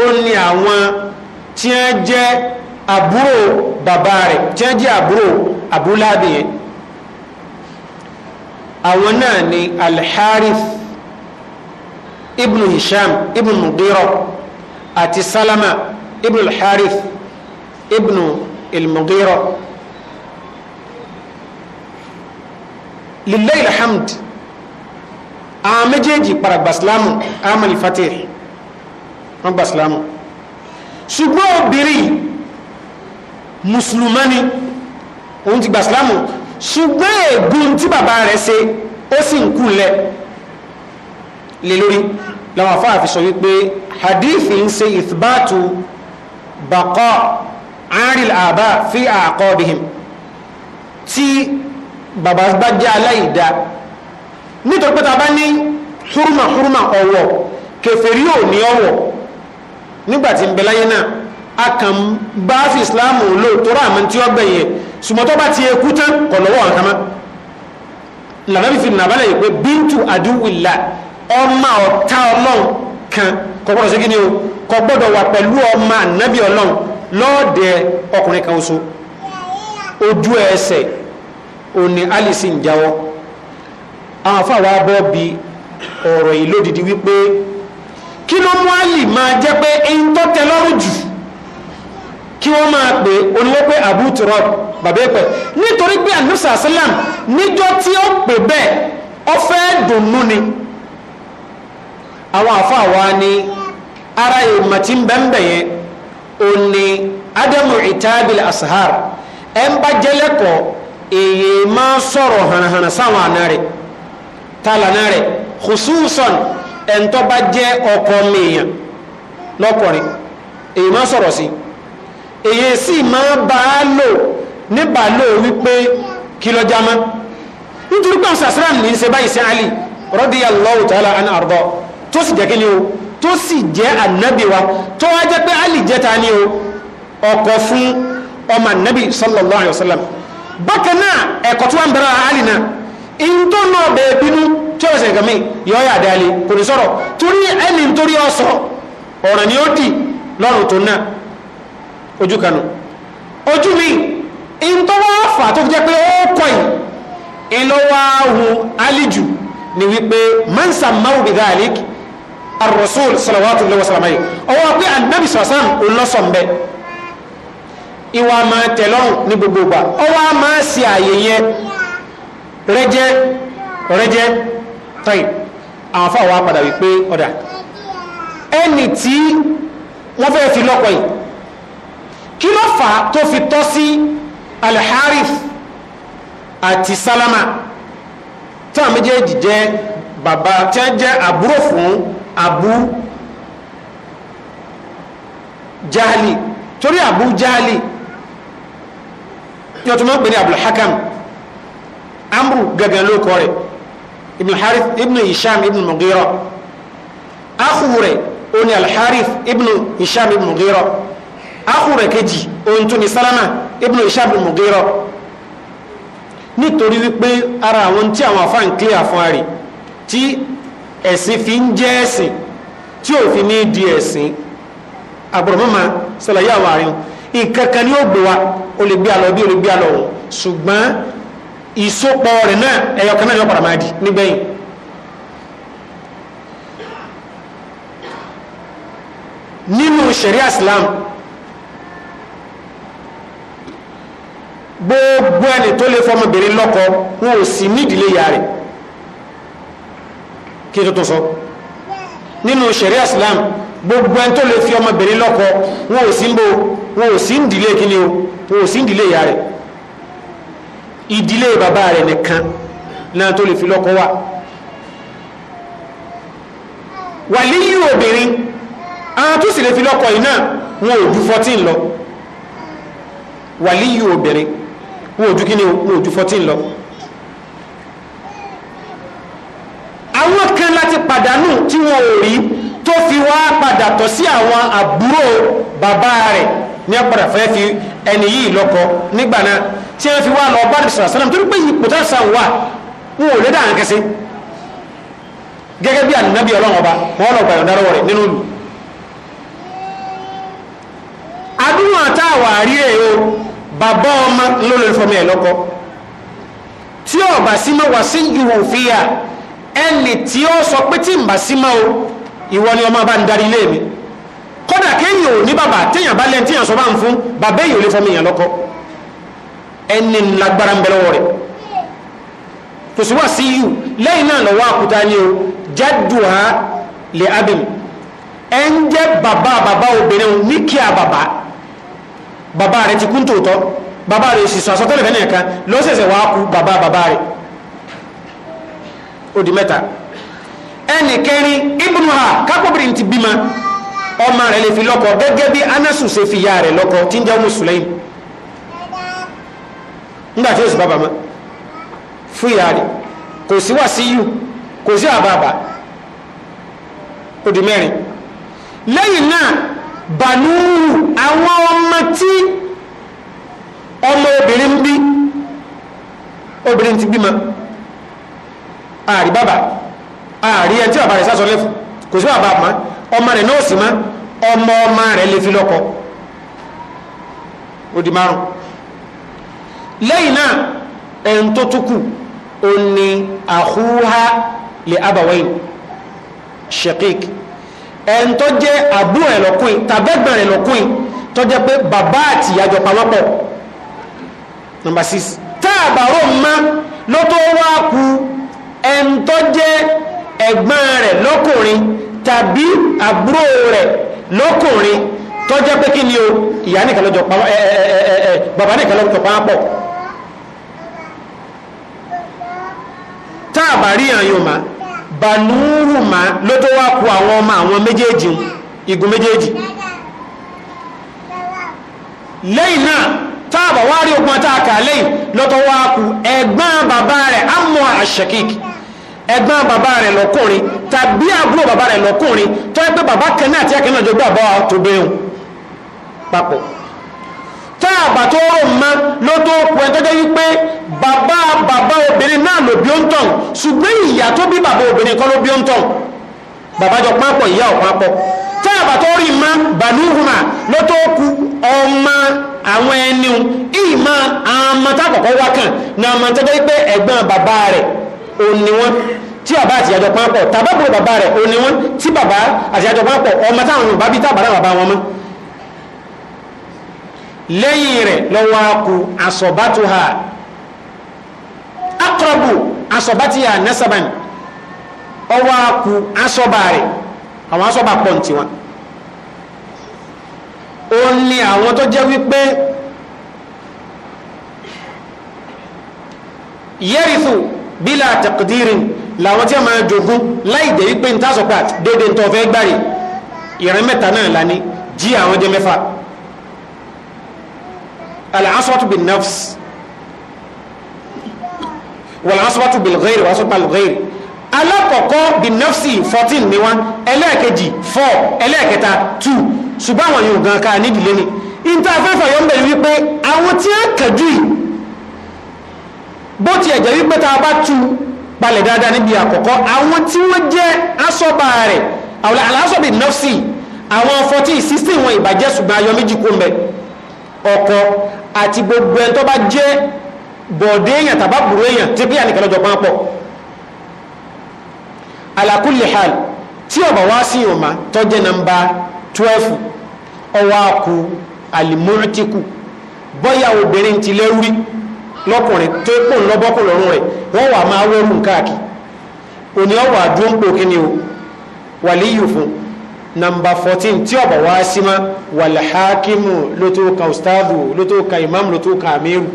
ó ní àwọn tí wọ́n jẹ́ àbúrò bàbá rẹ̀ tí wọ́n jẹ́ àbúrò Abu yẹn àwọn náà ni al ibnu Hisham ibnu Mughira àti salama ibn al-harith ibn al-mughira lillahi alhamd àwọn méjèèjì para gbàsílámù amali fatih wọn gbàsílámù ṣùgbọ́n obìnrin mùsùlùmánì òun ti gbàsílámù ṣùgbọ́n ègún tí bàbá rẹ̀ ṣe ó sì ń kú lẹ̀ lè lórí làwọn afáà fi wípé hadithi ń ṣe ìthbátu bàkọ́ àárín àbá fi àkọ́bìhìm tí bàbá bá jẹ́ aláìda nítorí pé ta bá ní húrúmà húrúmà ọ̀wọ̀ kèfèrí ò ní ọ̀wọ̀ nígbàtí ń bẹ láyé náà a kàn bá fi ìsìláàmù lò tó rà mọ́ tí ó gbẹ̀yẹ sùmọ́tọ́ bá ti ekú tán kọ̀ lọ́wọ́ ọ̀kan làbẹ́bí fi nàbálẹ̀ yìí pé bíntù àdúwìlà ọmọ ọ̀tá ọlọ́run kan kò gbọ́dọ̀ sí kí ni o kò gbọ́dọ̀ wà pẹ̀lú ọmọ ànábì ọlọ́run lọ́ọ̀dẹ ọkùnrin kan oṣù ojú ẹsẹ̀ òní alice ń jáwọ́ àwọn afáwa bọ́ bi ọ̀rọ̀ yìí lódìdí wípé kí ló mú àlì máa jẹ́ pé eyín tó tẹ lọ́rùn jù kí wọ́n máa pè oníwọ́ pé Abu Turab bàbá ẹ̀pẹ̀ nítorí pé ànúsà sálàm níjọ́ tí ó pè bẹ́ẹ̀ ọ fẹ́ dùnnú ni àwọn àfáà wa ni ara ìmọ̀ tí ń bẹ́ńbẹ̀ yẹn ò ní ádámù ìtàbí asahar ẹ̀ ń bá jẹ́lẹ́kọ̀ọ́ èyí máa sọ̀rọ̀ hànàhànà sáwọn àna rẹ̀ tàlànà rẹ̀ khususan ẹ̀ ń tọ́ bá jẹ́ ọkọ mìíràn lọ́kùnrin èyí máa sọ̀rọ̀ sí èyí sì máa bá a lò níbà lò wípé kí nítorí pé àwọn sàṣẹ́ràn ní ṣe báyìí sí Ali radiyallahu ta'ala an àrùbọ̀ tó sì jẹ́ kíni o tó sì jẹ́ ànábì wa tó wá jẹ́ pé alì jẹ́ ta ni o ọkọ fún ọmọ ànábì sallallahu alayhi wa sallam bákan náà ẹ̀kọ́ tó wà ń bẹ̀rẹ̀ alì náà ìntó náà bẹ̀ẹ́ bínú tí ó sẹ̀gẹ̀ mi yọ ọ́ yà dáálé kò ní ar-rasul salawatu lọ́wọ́ sàlámáyé ọwọ́ pé anabi sàlám olọ́sọ̀mbẹ́ ìwà máa tẹ̀lọ́rùn ní gbogbo ìgbà ọwọ́ máa ṣe àyè yẹn rẹ́jẹ́ rẹ́jẹ́ tọ́yì àwọn afọ àwọn apàdà wípé ọ̀dà ẹni tí wọ́n fẹ́ fi lọ́kọ̀ yìí kí ló fà á tó fi tọ́ sí al àti Salama tí àwọn méjèèjì jẹ́ bàbá tí wọ́n jẹ́ àbúrò fún abu jahali torí abu jahali yóò tún mọ́ pé ní abdulhakam amru gàgàn ló kọ́ rẹ̀ ibn harith ibn hisham ibn mughira akhu rẹ̀ ó ní alharith ibn hisham ibn mughira akhu rẹ̀ kejì ohun tó ní salama ibn hisham ibn mughira nítorí wípé ara àwọn tí àwọn afáàn clear fún ari tí ẹ̀sìn fi ń jẹ́ ẹ̀sìn tí ò fi ní di ẹ̀sìn àbùrọ̀mọ́mà sọ̀làyé àwọn àárín nǹkan kan ní ògbò wa o lè gbé alọ bí o lè gbé alọ wọn ṣùgbọ́n ìsopọ̀ rẹ̀ náà ẹ̀yọ kan náà yọ padà máa di nígbẹ̀yìn nínú ṣẹ̀ríà Islam gbogbo ẹni tó lè fọmọbìnrin lọ́kọ wọn ò sí nídìílé ìyá rẹ̀ kí tó tó sọ nínú ṣẹ̀ríà Islam gbogbo ẹni tó lè fi ọmọbìnrin lọ́kọ wọn ò sí ń bo wọn ò sí ń dìlé kíni o wọn ò sí ń dìlé ìyá rẹ̀ ìdílé bàbá rẹ̀ nìkan náà tó lè fi lọ́kọ wà wàlíyù obìnrin àwọn tó sì lè fi lọ́kọ yìí náà ò ju fourteen lọ wàlíyù obìnrin wọn ò ju kíni o wọn ò ju fourteen lọ. ti pàdánù tí wọn ò rí tó fi wá padà tọ̀ sí àwọn àbúrò bàbá rẹ̀ ní ọ̀padà fẹ́ fi ẹni yìí lọ́kọ nígbà náà tí wọ́n fi wá lọ bá rẹ̀ sàlám torí pé ipò tá sàn wà wọn ò lé dà kẹsí gẹ́gẹ́ bí ànábì ọlọ́run wọn lọ gbàyàn dárọ́wọ́ rẹ̀ nínú ìlú. adúmọ̀ àtàwà rí rẹ̀ o bàbá ọmọ ló lè ẹ̀ lọ́kọ tí ọba sí mọ́ wá sí ìhùn ẹni tí ó sọ pé tí n bá sí máa o ìwọ ni ọmọ bá ń darí ilé mi kódà kéèyàn ò ní bàbá téèyàn bá lẹ́yìn téèyàn sọ bá ń fún bàbá èyàn ò lè fọmọ èèyàn lọ́kọ ẹni lágbára ń bẹ lọ́wọ́ rẹ̀ kò sí wá sí yù lẹ́yìn náà lọ́wọ́ àkúta ni o jádùá lè abim ẹ ń jẹ́ bàbá bàbá obìnrin ní kíá bàbá bàbá rẹ̀ ti kún tòótọ́ bàbá rẹ̀ sì sọ àsọtẹ́lẹ̀ fẹ́ odi mɛta ɛni kɛrin ibnu ha kakobiri ti bima ɔma rɛ le fi lɔkɔ gɛgɛ bi anasu se fi yaarɛ lɔkɔ tinjɛ musulɛyi nga fi osuba bama fi yaari ko si wa si yu ko si ababa odi mɛrin lẹyìn náà banuuru àwọn ọmọ tí ọmọ obìnrin bí obìnrin ti àrí bàbà àrí ẹni tí bàbá rẹ̀ sásọ lẹ́fù kò sí bàbá àmọ́ ọmọ rẹ̀ náà sì mọ́ ọmọ ọmọ rẹ̀ lè fi lọ́kọ ó di márùn lẹ́yìn náà ẹni tó tún kù ó ní àhúhá lè abàwẹ́yìn shekik ẹni tó jẹ́ àbúrò ẹ̀ lọ́kùnrin tàbẹ́gbọ̀n rẹ̀ lọ́kùnrin tó jẹ́ pé bàbá àti ìyàjọ pawọ́pọ̀ number six tá àbárò mọ́ ló tó wá ku ẹ̀ńtọ́ jẹ́ ẹ̀gbọ́n rẹ̀ lọ́kùnrin tàbí àbúrò rẹ̀ lọ́kùnrin tọ́jọ́ pé kí ni o ìyá nìkan lọ́jọ́ pa ẹ ẹ ẹ ẹ bàbá nìkan lọ́jọ́ pa ma bànúrù ma ló tó wá ku àwọn ọmọ àwọn igun méjèèjì lẹ́yìn náà táàbà wá rí ogun àtàkà lẹ́yìn lọ́tọ́ wá kú ẹ̀gbọ́n bàbá rẹ̀ amọ̀ àṣekík ẹ̀gbọ́n bàbá rẹ̀ lọ́kùnrin tàbí àbúrò bàbá rẹ̀ lọ́kùnrin tó yẹ pé bàbá kan náà tí ẹ̀kẹ́ náà jọ gbọ́ àbá tó bẹ́ẹ̀ papọ̀ táàbà tó rò mọ́ ló tó pẹ́ gẹ́gẹ́ wípé bàbá bàbá obìnrin náà ló bí ó ń tàn ṣùgbọ́n ìyá tó bí bàbá obìnrin kan ló bí ó ń tàn bàbá jọ pápọ̀ ìyá ọ̀ táàbà tó rí mọ́ bàlúhùmà ló tó ku ọmọ àwọn ẹni ìmọ̀ ma kọ̀kọ́ wá kàn ní àmọ́tá tó pé ẹ̀gbọ́n bàbá rẹ̀ ò ní tí bàbá àti ìyàjọ pápọ̀ tàbábùrò bàbá rẹ̀ baba ní wọn tí bàbá àti ìyàjọ pápọ̀ ọmọ táwọn yorùbá bí bàbá wọn mọ́ lẹ́yìn rẹ̀ lọ́wọ́ akú nasaban ọwọ́ akú rẹ̀ àwọn òun ni àwọn tó jẹ́ wípé yẹ́rìfù bílà taqdirin làwọn tí a máa jogún láì dẹ̀ wípé ń tásọ̀pá dédé ń tọ́fẹ́ gbàrí ìrìn mẹ́ta náà lání jí àwọn jẹ́ mẹ́fà al-aswatu bin nafs wal-aswatu bil alákọ̀ọ́kọ́ bin nafsi 14 ni wọ́n ẹlẹ́ẹ̀kejì 4 ẹlẹ́ẹ̀kẹta 2 ṣùgbọ́n àwọn yóò gan káà nídìílé ni ìta afẹ́fẹ́ yọ ń bẹ̀rẹ̀ wípé àwọn tí a kẹjú yìí bó ti ẹ̀jẹ̀ wípé tá a bá tu balẹ̀ dáadáa níbi àkọ́kọ́ àwọn tí wọ́n jẹ́ asọ́ba rẹ̀ aláṣọ́bì nọ́ọ̀sì àwọn fourteen sixteen wọn ìbàjẹ́ ṣùgbọ́n ayọ̀ méjì kó mbẹ ọkọ àti gbogbo ẹni tó bá jẹ́ bọ̀dé èèyàn tàbá burú èèyàn tí bí àníkẹ́ lọ́jọ́ pọ́n pọ̀ ala hal tí ọ̀bà wá sí ìhùnmá tọ́jẹ́ nọ́mbà twelve ọwọ́ akú alimọ́tíkù bọ́yá obìnrin ti lẹ́rí lọ́kùnrin tó pò ń lọ́bọ́kùn lọ́rùn rẹ̀ wọ́n wà máa wẹ́rù káàkì òní ọwọ́ àdúró ń pò kíni o wàlíyù fún nàmbà 14 tí ọ̀bọ̀ wá sí mọ́ wàlíhákímù ló tó ka ustadu ló tó ka imam ló tó ka amíru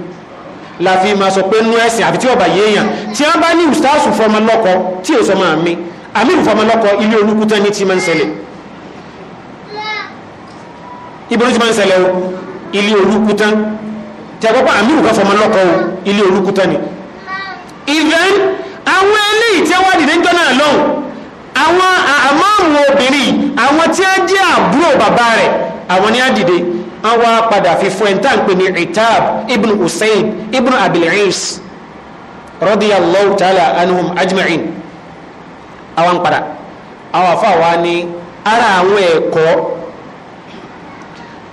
la máa sọ pé nú ẹ̀sìn àbí tí ọba yéèyàn tí wọ́n bá ní ustadu fọmọlọ́kọ tí èso máa mi amíru fọmọlọ́kọ ilé olúkútẹ́ ní ti máa ń ṣẹlẹ̀ ibùdó ti máa ń ṣẹlẹ̀ o ilé olúkútán tẹ̀gbọ́pá àmìrù kan fọmọ lọ́kọ̀ o ilé olúkútán ni ìfẹ́n àwọn eléyìí tí wọ́n dìde jọ náà lọ́hùn àwọn àmọ́ọ̀mù obìnrin àwọn tí wọ́n jẹ́ àbúrò bàbá rẹ̀ àwọn ni á dìde àwọn padà fi fún ara àwọn ẹ̀kọ́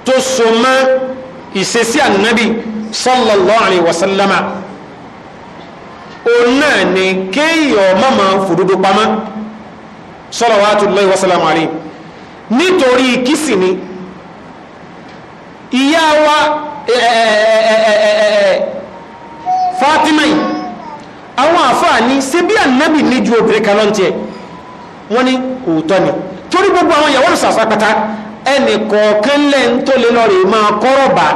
tó so mọ́ ìṣesí ànábì sallallahu alaihi wasallama òun náà ni kéèyàn mọ̀mọ́ fòdodo pamọ́ salawatullahi wasallama alaihi nítorí kìsì ni ìyá wa Fatima yìí àwọn àfáà ní ṣe bí ànábì ní ju obìnrin kan lọ́ntì ẹ̀ wọ́n ní òótọ́ ni torí gbogbo àwọn ìyàwó rẹ̀ pátá ẹnì kọ̀ọ̀kan lẹ̀ ń tó lé lọ́rẹ̀ máa kọ́rọ̀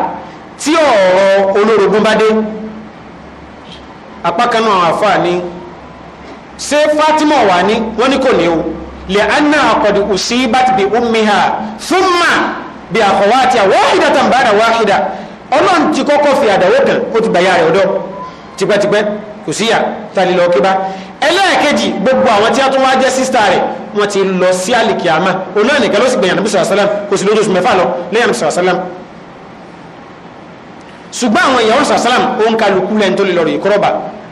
tí ọ̀rọ̀ olórogún bá dé ni ṣé Fatima wà ní wọ́n ní kò ní o lè anna àkọ́dù òsì bàtì bí ummiha thumma bí akhawatiha wáhídà tàn bára wáhídà ọlọ́run ti kọ́kọ́ fi àdàwọ̀ kan ó ti gbàyà rẹ̀ ọ̀dọ́ tipẹ́tipẹ́ kò síyà tani ẹlẹ́ẹ̀kejì gbogbo àwọn tí a tún wá jẹ́ sísítà rẹ̀ wọ́n ti lọ sí àlìkìyàmá olóyè nìkan ló sì gbẹ̀yàn nàbí sàlám kò sì lójú oṣù mẹ́fà lọ lẹ́yìn sàlám ṣùgbọ́n àwọn ìyàwó sàlám ó ń kálukú lẹ́yìn tó lè lọ rèé kọ́rọ́bà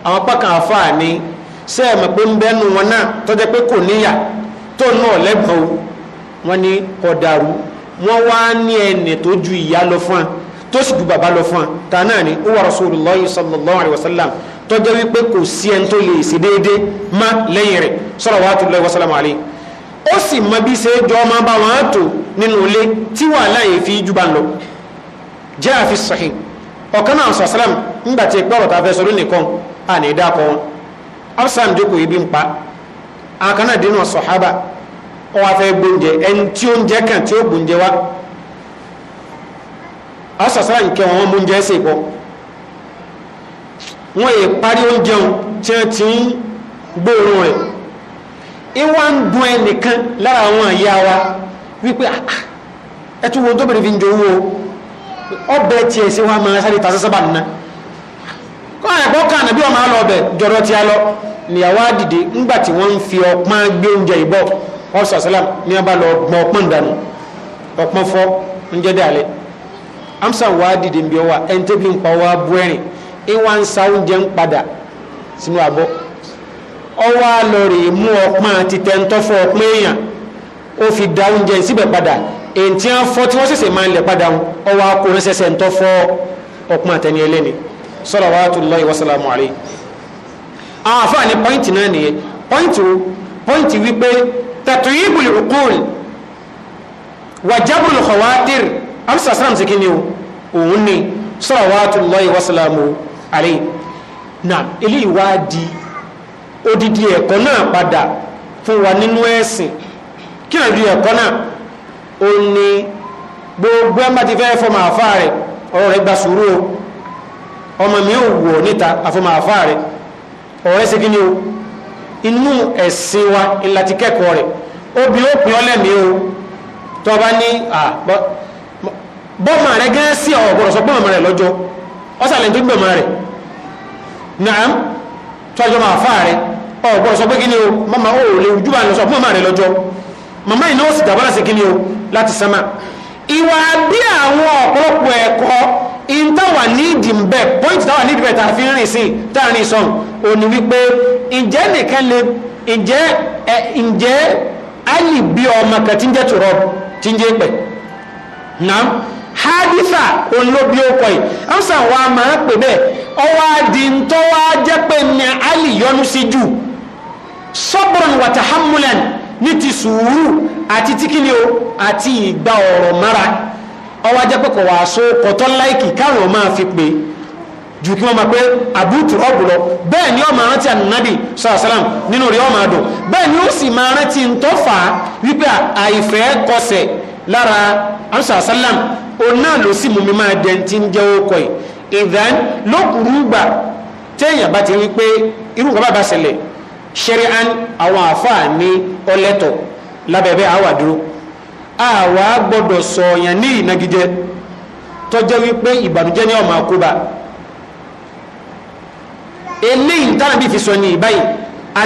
àwọn pákan àfáà ni sẹ́ẹ̀mọ̀ pé ń bẹ́nu wọn náà tọ́jẹ́ pé kò níyà tó náà lẹ́gbọ̀n wọn ni kọ̀dàrú wọ́n wá ní ẹnì tó ju ìyá lọ fún tó sì ju bàbá lọ fún wa ta náà ni ó wà Rasulullahi sallallahu alaihi wasallam tọ́jọ́ wípé kò sí ẹni tó lè ṣe déédé má lẹ́yìn rẹ̀ salawatullahi wa salamu alaihi ó sì mọ bí ṣe jọ máa bá wọn tó nínú ilé tí wàhálà yìí fi jù bá ń lọ jẹ́ àfi sahih ọ̀kan náà sàsálàm ńgbà tí ìpọ́rọ̀ ta fẹ́ sọ lónìí kan a ní dákọ̀ wọn absalom jókòó ibi ń pa àkànnà dínà sọ̀hábà ọwọ́ afẹ́ gbóúnjẹ ẹni tí ó ń jẹ́ kàn tí ó gbóúnjẹ wá asàsára nke wọn mú e oúnjẹ ẹsẹ̀ wọ́n yẹ parí oúnjẹ tí wọ́n ti ń gbóòórùn rẹ̀ ìwà ń dun wa wípé ah, ah, fi ń ọbẹ̀ sí máa sáré kọ́ kan ọbẹ̀ a lọ níyàwó àdìdè ńgbà tí wọ́n ń fi ọpọ́n gbé oúnjẹ ní bá lọ amsa waa dìde mbẹ wa ẹntẹbi nkpa waa buẹrin ìwà nsa oúnjẹ nkpadà sínú abọ ọwọ alọrẹ mú ọpọn títẹ ntọfọ ọpọn èèyàn ó fi da oúnjẹ síbẹ̀ padà èntì afọ tí wọ́n ṣẹ̀ṣẹ̀ máa ń lẹ̀ padà wọn ọwọ akọrin ṣẹ̀ṣẹ̀ ntọfọ ọpọn àtẹni ẹlẹni salawatullahi wa salamu alayhi àwọn àfààní pọ́ìntì náà nìyẹn pọ́ìntì wo pọ́ìntì wípé tatyibul uqul wa khawatir amsa salam ti kini o òun ni salawatullahi wa salamu alayhi na ilé ìwádìí odidi ẹ̀kọ́ náà padà fún wa nínú ẹ̀sìn kí náà di ẹ̀kọ́ náà ó ní gbogbo ẹ̀ ti fẹ́ fọmọ àfa rẹ̀ ọ̀rọ̀ rẹ̀ gba sùúrù o ọmọ mi ò wọ̀ níta àfọmọ àfa rẹ̀ ọ̀rọ̀ rẹ̀ ṣe ni o inú ẹ̀sìn wa ńlá ti kẹ́kọ̀ọ́ rẹ̀ obì ó pin ọlẹ́mìí o tó o bá ní à bọ́mọ rẹ̀ gán sí ọ̀gbọ̀rọ̀ sọ bọ́mọ rẹ̀ lọ́jọ́ ọ́sàlẹ̀ tó gbẹ̀mọ rẹ̀ nàám tọ́jọ́ máa fà rẹ̀ ọ̀gbọ̀rọ̀ sọ pé kí ni o mama ó lè júbà lọ sọ bọ́mọ rẹ̀ lọ́jọ́ mama iná ó sì dàbọ́lá sí kí ni o láti sama, ìwà bí àwọn ọ̀pọ̀lọpọ̀ ẹ̀kọ́ in táwà nídìí ń bẹ point táwà nídìí bẹ̀ tàfi ń rìn sí táàrin sọ̀n ò ní wípé ǹjẹ́ nìkan lè ǹjẹ́ ǹjẹ́ alì bí ọmọ kan tí ń jẹ́ tòrọ tí ń jẹ́ pẹ̀ nàám haditha òun ló yìí amsa wa máa pè bẹ́ẹ̀ ọwọ́ wa pé ní ali yọnu sí jù sọ́bùrùn wàtàhámúlẹ̀n ní ti sùúrù àti o àti ìgbà ọrọ mara ọwọ́ ajẹ́ pé so kọ̀tọ́ láìkì káwọn fi pè jù kí wọ́n máa pé ni máa rántí sàlám nínú máa dùn ni ó sì máa rántí wípé òun náà ló sì mú mi máa dẹni tí ń téèyàn bá ti rí pé irú nǹkan bàbá ṣẹlẹ̀ àwọn àfáà ní ọlẹ́tọ̀ lábẹ́bẹ́ àwà dúró àwa gbọ́dọ̀ sọ̀yàn ní ìnagijẹ tọ́jẹ́ wípé ìbànújẹ́ ọmọ àkóbá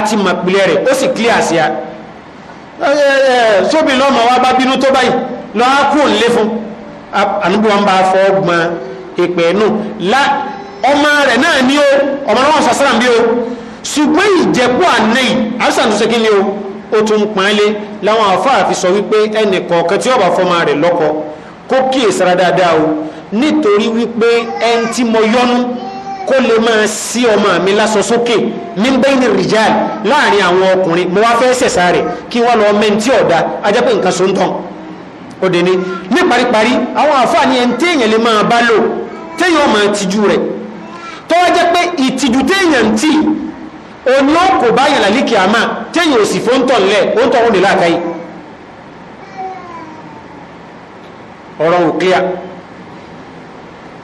fi àti ó sì clear a wa fún ànúbù wọn bá fọ́ gbọ́n ìpè nù la ọmọ rẹ̀ náà ní o ọmọ náà wọn sàṣàràn bí o ṣùgbọ́n ìjẹ́kù ànẹ́yì àbísà tó ṣe kí ni o ó tún pọ́nlé láwọn àfáà fi sọ wípé ẹnì kọ̀ọ̀kan tí ọba fọmọ rẹ̀ lọ́kọ kó kíyèsára dáadáa o nítorí wípé ẹni tí mo yọnu kó lè máa sí ọmọ mi lásọ sókè ní bẹ́ẹ̀ni rìjáàlì láàrin àwọn ọkùnrin mo wá fẹ́ sẹ̀sà rẹ̀ kí wọ́n lọ mẹ́ntí ọ̀dà ajẹ́pẹ́ nǹkan so ń tán òdìní ní paríparí àwọn àfáàní ẹni téèyàn lè máa bá lò téèyàn máa tìjú rẹ̀ tó wá jẹ́ pé ìtìjú téèyàn tì òní ó kò bá yàn lálíkì àmà téèyàn ò sì fóńtọ̀ ńlẹ̀ ó ń tọ́ òun lè láàkáyé ọ̀rọ̀ ò clear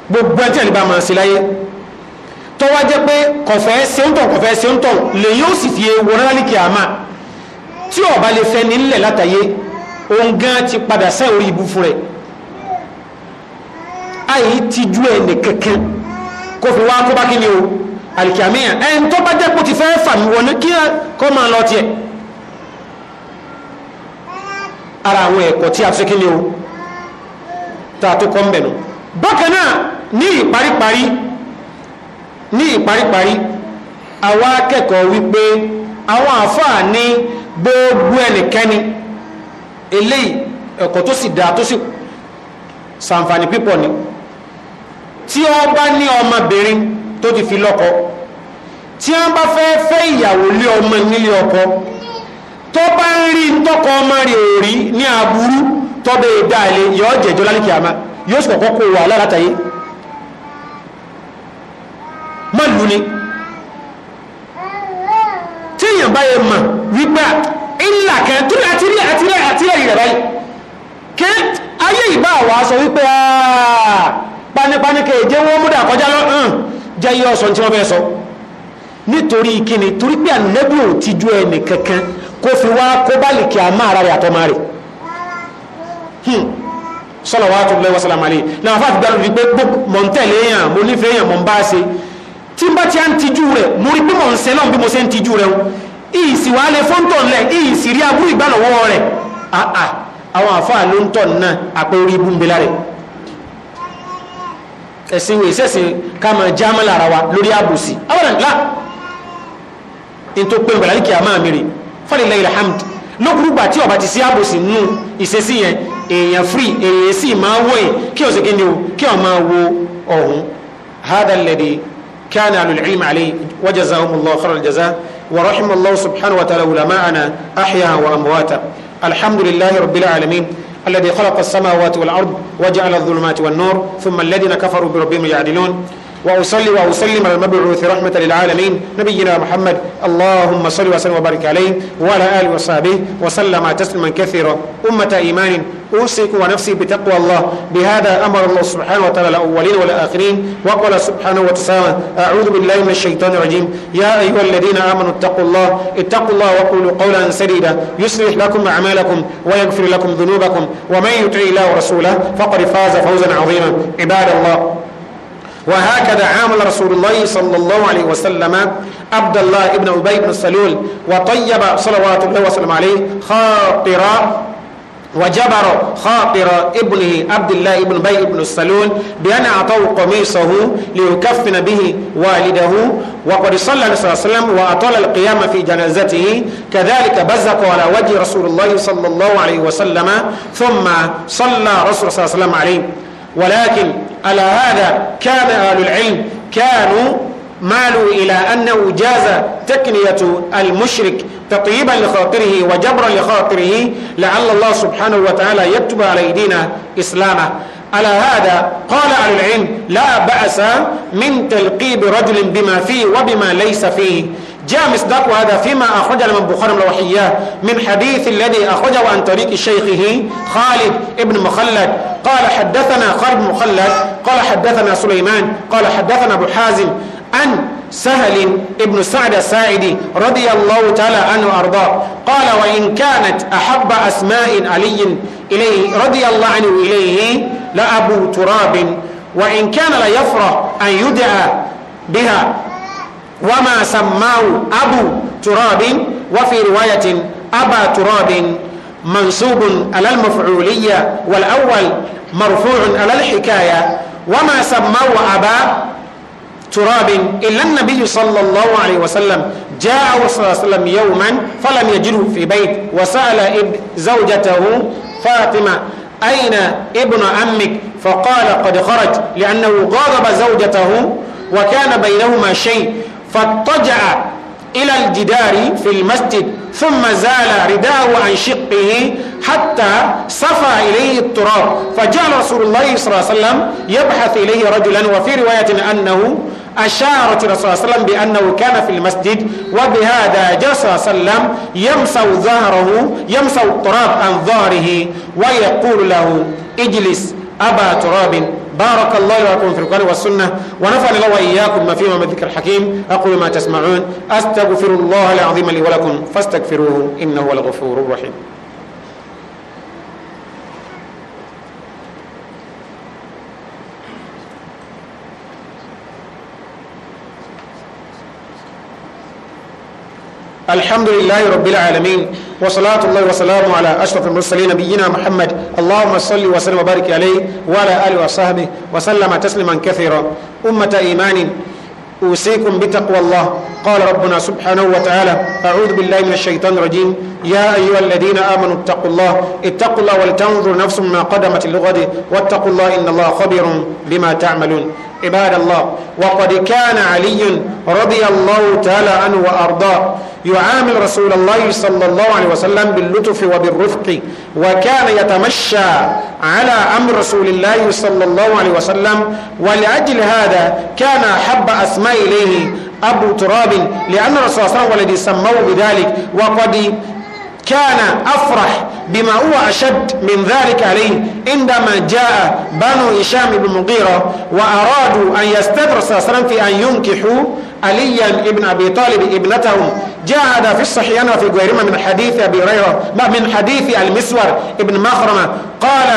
gbogbo ẹtí àlebá máa ṣe láyé tó wá jẹ́ pé kọ̀fẹ́ ṣe ń tọ̀ kọ̀fẹ́ ṣe ń tọ̀ lè yóò sì fi ewu rárá lálíkì àmà tí ọba lè fẹ́ nílẹ̀ látàyé òun gan ti padà sẹ́ orí ibu fún rẹ̀ àyí ti ju ẹnì kankan kó fi wá kó bá kíni o àlìkàmíyàn ẹn tó bá jẹ́ kó ti fẹ́ fà mí wọlé kí ẹ kó máa lọ tiẹ̀ ara àwọn ẹ̀kọ́ tí a fi kíni o tá a tó kọ́ ń bẹ̀ nù bákan náà ní ìparíparí ní ìparíparí àwa akẹ́kọ̀ọ́ wípé àwọn àfáà ní gbogbo ẹnìkẹ́ni eléyìí ẹ̀kọ́ tó sì dáa tó sì sàǹfààní pípọ̀ ni tí wọ́n bá ní ọmọbìnrin tó ti fi lọ́kọ tí wọ́n bá fẹ́ fẹ́ ìyàwó lé ọmọ nílé ọkọ tó bá ń rí tọkọ ọmọ rẹ̀ ò rí ní aburú tọ́bẹ̀ ìdáàlẹ̀ e yọ jẹ̀jọ́ lálẹ́kì àmá yóò sì kọ́kọ́ kó wà látàyé mọ́lù ni tí èèyàn bá yẹ mọ̀ wípé ńlá kẹ́ tó lè àtìrí àtìrí àtìrí rẹ̀ báyìí kí ayé ìbá wa sọ wípé panípaníkẹ́ èjé wọn múdà kọjá lọ jẹ́ iye ọ̀sán tí wọ́n fẹ́ sọ nítorí kíni torí pé ànẹ́bù ò ti ju ẹnì kankan kó fi wá kó báàlì kí a máa ara rẹ̀ àtọ́ máa rẹ̀ sọlọ́wọ́ tó lẹ́wọ́ sọlámàlì náà fàtí gbàdúrà wípé mọ̀ntẹ́lẹ̀ èèyàn mo nífẹ̀ẹ́ èèyàn tí n bá ti à ń tijú rẹ̀ mo rí pé mọ̀ ń bí mo ṣe ń tijú rẹ̀ ìsì wà lè fóńtọ̀ lẹ̀ ìsì rí aburú ìgbàlọ́wọ́ rẹ̀ àà àwọn àfáà ló ń tọ̀ náà àpẹ orí ibú ń bẹ lára ẹ̀sìn ìwé ìṣẹ̀sìn ká máa lára wa lórí àbòsí àwọn àǹlá tó pé ìgbàlá kìí àmà mìíràn fọ́lẹ̀lẹ̀ ilhamd lókùrùgbà tí ọba ti sí àbòsí nù ìṣesí yẹn èèyàn free èèyàn sì máa wọ̀ ẹ̀ kí ọ̀sẹ̀ kí ni o kí ọ̀ máa wo ọ̀hún hadha alladhi kana alul ilm alayhi wa jazahumullahu khairal jazaa ورحم الله سبحانه وتعالى علماءنا أحياها وأمواتا الحمد لله رب العالمين الذي خلق السماوات والأرض وجعل الظلمات والنور ثم الذين كفروا بربهم يعدلون وأصلي وأسلم على المبعوث رحمة للعالمين نبينا محمد اللهم صل وسلم وبارك عليه وعلى آله وصحبه وسلم تسلما كثيرا أمة إيمان أوصيك ونفسي بتقوى الله بهذا أمر الله سبحانه وتعالى الأولين والآخرين وقال سبحانه وتعالى أعوذ بالله من الشيطان الرجيم يا أيها الذين آمنوا اتقوا الله اتقوا الله وقولوا قولا سديدا يصلح لكم أعمالكم ويغفر لكم ذنوبكم ومن يطع الله ورسوله فقد فاز فوزا عظيما عباد الله وهكذا عامل رسول الله صلى الله عليه وسلم عبد الله بن أبي بن السلول وطيب صلوات الله وسلم عليه خاطر وجبر خاطر ابنه عبد الله بن بي بن السلول بأن أعطوا قميصه ليكفن به والده وقد صلى الله عليه وسلم وأطال القيام في جنازته كذلك بزق على وجه رسول الله صلى الله عليه وسلم ثم صلى رسول الله صلى الله عليه وسلم عليه ولكن على هذا كان أهل العلم كانوا مالوا إلى أن جاز تكنية المشرك تطيبا لخاطره وجبرا لخاطره لعل الله سبحانه وتعالى يكتب على أيدينا إسلامه على هذا قال على العلم لا بأس من تلقيب رجل بما فيه وبما ليس فيه جاء مصداق هذا فيما أخرج من بخاري وحياه من حديث الذي أخرجه عن طريق شيخه خالد ابن مخلد قال حدثنا خالد مخلد قال حدثنا سليمان قال حدثنا أبو حازم أن سهل ابن سعد الساعدي رضي الله تعالى عنه أرضاه قال وإن كانت أحب أسماء علي إليه رضي الله عنه إليه لأبو تراب وإن كان ليفرح أن يدعى بها وما سماه أبو تراب وفي رواية أبا تراب منصوب على المفعولية والأول مرفوع على الحكاية وما سماه أبا تراب إلا النبي صلى الله عليه وسلم جاء صلى الله عليه وسلم يوما فلم يجده في بيت وسأل زوجته فاطمة أين ابن عمك فقال قد خرج لأنه غاضب زوجته وكان بينهما شيء فاضطجع إلى الجدار في المسجد ثم زال رداءه عن شقه حتى صفى إليه التراب فجعل رسول الله صلى الله عليه وسلم يبحث إليه رجلا وفي رواية أنه أشارت رسول الله صلى الله عليه وسلم بأنه كان في المسجد وبهذا جلس صلى الله عليه وسلم يمسو ظهره يمسو التراب عن ظهره ويقول له اجلس أبا تراب بارك الله لكم في القرآن والسنة ونفعل الله وإياكم ما فيه من الذكر الحكيم أقول ما تسمعون أستغفر الله العظيم لي ولكم فاستغفروه إنه هو الغفور الرحيم الحمد لله رب العالمين وصلاة الله وسلامه على أشرف المرسلين نبينا محمد اللهم صل وسلم وبارك عليه وعلى آله وصحبه وسلم تسليما كثيرا أمة إيمان أوصيكم بتقوى الله قال ربنا سبحانه وتعالى أعوذ بالله من الشيطان الرجيم يا أيها الذين آمنوا اتقوا الله اتقوا الله ولتنظر نفس ما قدمت لغد واتقوا الله إن الله خبير بما تعملون عباد الله وقد كان علي رضي الله تعالى عنه وأرضاه يعامل رسول الله صلى الله عليه وسلم باللطف وبالرفق وكان يتمشى على أمر رسول الله صلى الله عليه وسلم ولأجل هذا كان أحب أسماء إليه أبو تراب لأن الرسول صلى الله عليه وسلم سموه بذلك وقد كان أفرح بما هو أشد من ذلك عليه عندما جاء بنو هشام بن مغيرة وأرادوا أن يستدرس صلى في أن ينكحوا عليا ابن أبي طالب ابنته جاء هذا في الصحيحين وفي غيرهما من حديث أبي هريرة من حديث المسور ابن مخرمة قال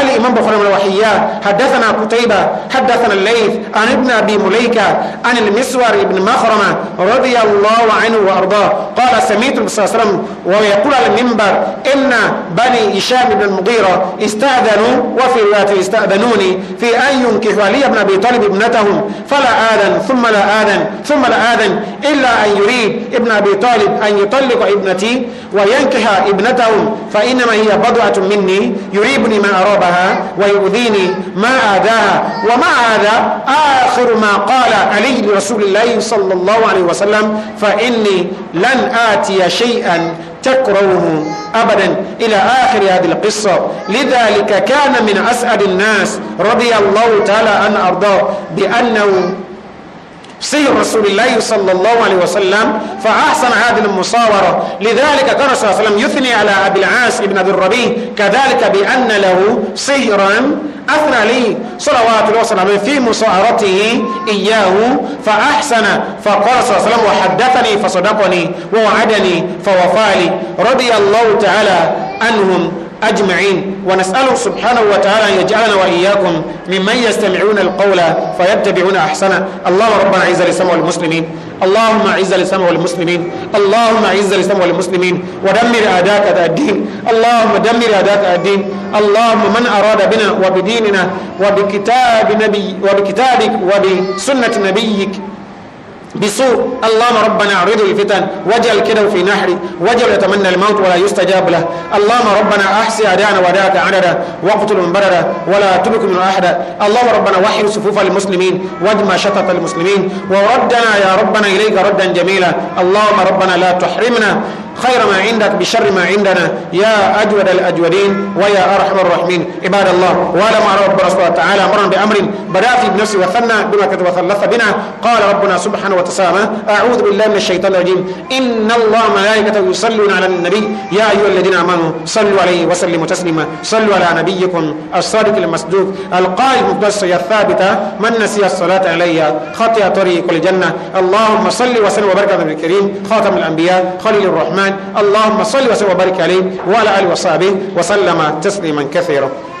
الإمام بخرم الوحيات حدثنا قتيبة حدثنا الليث عن ابن أبي مليكة عن المسور ابن مخرمة رضي الله عنه وأرضاه قال سميت النبي صلى الله عليه وسلم ويقول على المنبر إن بني هشام بن المغيرة استأذنوا وفي رواية استأذنوني في أن ينكحوا علي بن أبي طالب ابنتهم فلا آذن ثم لا آذن ثم لا آذن إلا أن يريد ابن أبي طالب أن يطلق ابنتي وينكح ابنته فإنما هي بضعة مني يريبني ما أرابها ويؤذيني ما آذاها ومع هذا آخر ما قال علي لرسول الله صلى الله عليه وسلم فإني لن آتي شيئا تكرهه أبدا إلى آخر هذه القصة لذلك كان من أسعد الناس رضي الله تعالى أن أرضاه بأنه سي رسول الله صلى الله عليه وسلم فأحسن هذه المصاورة لذلك كان صلى الله عليه وسلم يثني على أبي العاس بن أبي الربيع كذلك بأن له سيرا أثنى لي صلوات الله وسلم في مصاهرته إياه فأحسن فقال صلى الله عليه وسلم وحدثني فصدقني ووعدني فوفالي رضي الله تعالى عنهم أجمعين ونسأله سبحانه وتعالى أن يجعلنا وإياكم ممن يستمعون القول فيتبعون أحسنه الله ربنا أعز لسمع المسلمين اللهم أعز لسمع المسلمين اللهم أعز لسمع المسلمين ودمر أداك الدين اللهم دمر أداك الدين اللهم من أراد بنا وبديننا وبكتاب نبي وبكتابك وبسنة نبيك بسوء اللهم ربنا اعرض الفتن واجعل كده في نحري واجعل يتمنى الموت ولا يستجاب له اللهم ربنا احصي اعداءنا واعداءك عددا واقتل من بردا ولا تبك من احدا اللهم ربنا وحي صفوف المسلمين واجمع شطط المسلمين وردنا يا ربنا اليك ردا جميلا اللهم ربنا لا تحرمنا خير ما عندك بشر ما عندنا يا أجود الأجودين ويا أرحم الراحمين عباد الله ولا مع ربنا سبحانه وتعالى أمرنا بأمر بدأ في بنفسه وثنى بما كتب وثلث بنا قال ربنا سبحانه وتسامى أعوذ بالله من الشيطان الرجيم إن الله ملائكته يصلون على النبي يا أيها الذين آمنوا صلوا عليه وسلموا تسليما صلوا على نبيكم الصادق المصدوق القائم يا الثابتة من نسي الصلاة علي خطئ طريق الجنة اللهم صل وسلم وبارك على الكريم خاتم الأنبياء خليل الرحمن الرحمن اللهم صل وسلم وبارك عليه وعلى آله وصحبه وسلم تسليما كثيرا